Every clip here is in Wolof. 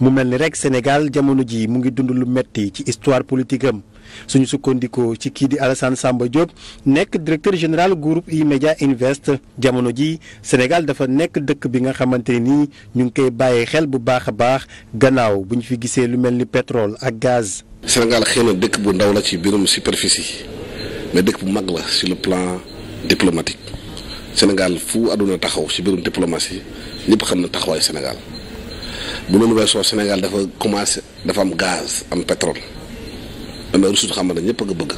mu mel ni rek Sénégal jamono ji mu ngi dund lu metti ci histoire politique am suñu sukkandikoo ci kii di Alassane sàmba Diop nekk directeur général groupe E-Media Invest jamono ji Sénégal dafa nekk dëkk bi nga xamante nii ñu ngi koy bàyyi xel bu baax a baax gannaaw bu ñu fi gisee lu mel ni pétrole ak gaz. Sénégal xëy dëkk bu ndaw la ci biirum superficie mais dëkk bu mag la sur le plan diplomatique Sénégal fu àdduna taxaw ci biirum diplomatie ñëpp xam na taxawaayu Sénégal. bu noonu soo Sénégal dafa commencé dafa am gaz am pétrole am ay ressources xam ne ñëpp a bëgg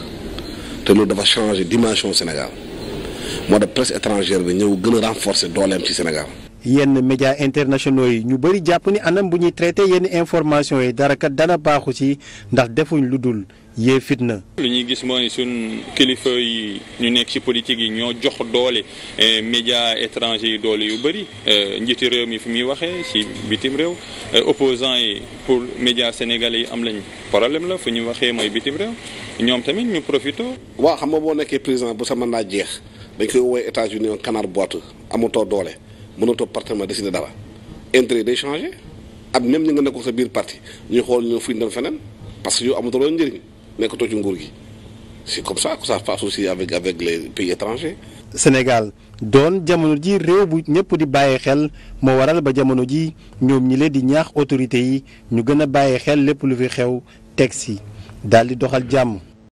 te loolu dafa changé dimension Sénégal moo tax presse étrangère bi ñëw gën a renforcer dooleem ci Sénégal. yenn médias internationaux yi ñu bëri jàpp ni anam bu ñuy traité yenn information yi dara kat dana baaxu ci ndax defuñ lu dul yee na lu ñuy gis mooy suñ kilifa yi ñu nekk ci politique yi ñoo jox doole eh, médias étrangers yi doole yu bëri eh, njiiti réew mi fi muy waxee ci bitim réew eh, opposants yi pour médias sénégalais yi am lañ problème la fu ñu waxee mooy bitim réew ñoom tamit ñu profité. waaw xam nga boo nekkee président bu sama naa jeex dañ koy woowee États-Unis canard boiteux doole. mënatoo partenariat décider dara intérêt day changé ak même ñu nga nekkoon sa biir parti ñu xool ñoo fuñ dem feneen parce que yow amatoo loolu njëriñ nekkatoo ci nguur gi c'est comme ça que ça passe aussi avec avec les pays étrangers. Sénégal doon jamono ji réew bu ñëpp di bàyyi xel moo waral ba jamono ji ñoom ñi leen di ñaax autorités yi ñu gën a bàyyi xel lépp lu fi xew teg si daal di doxal jàmm.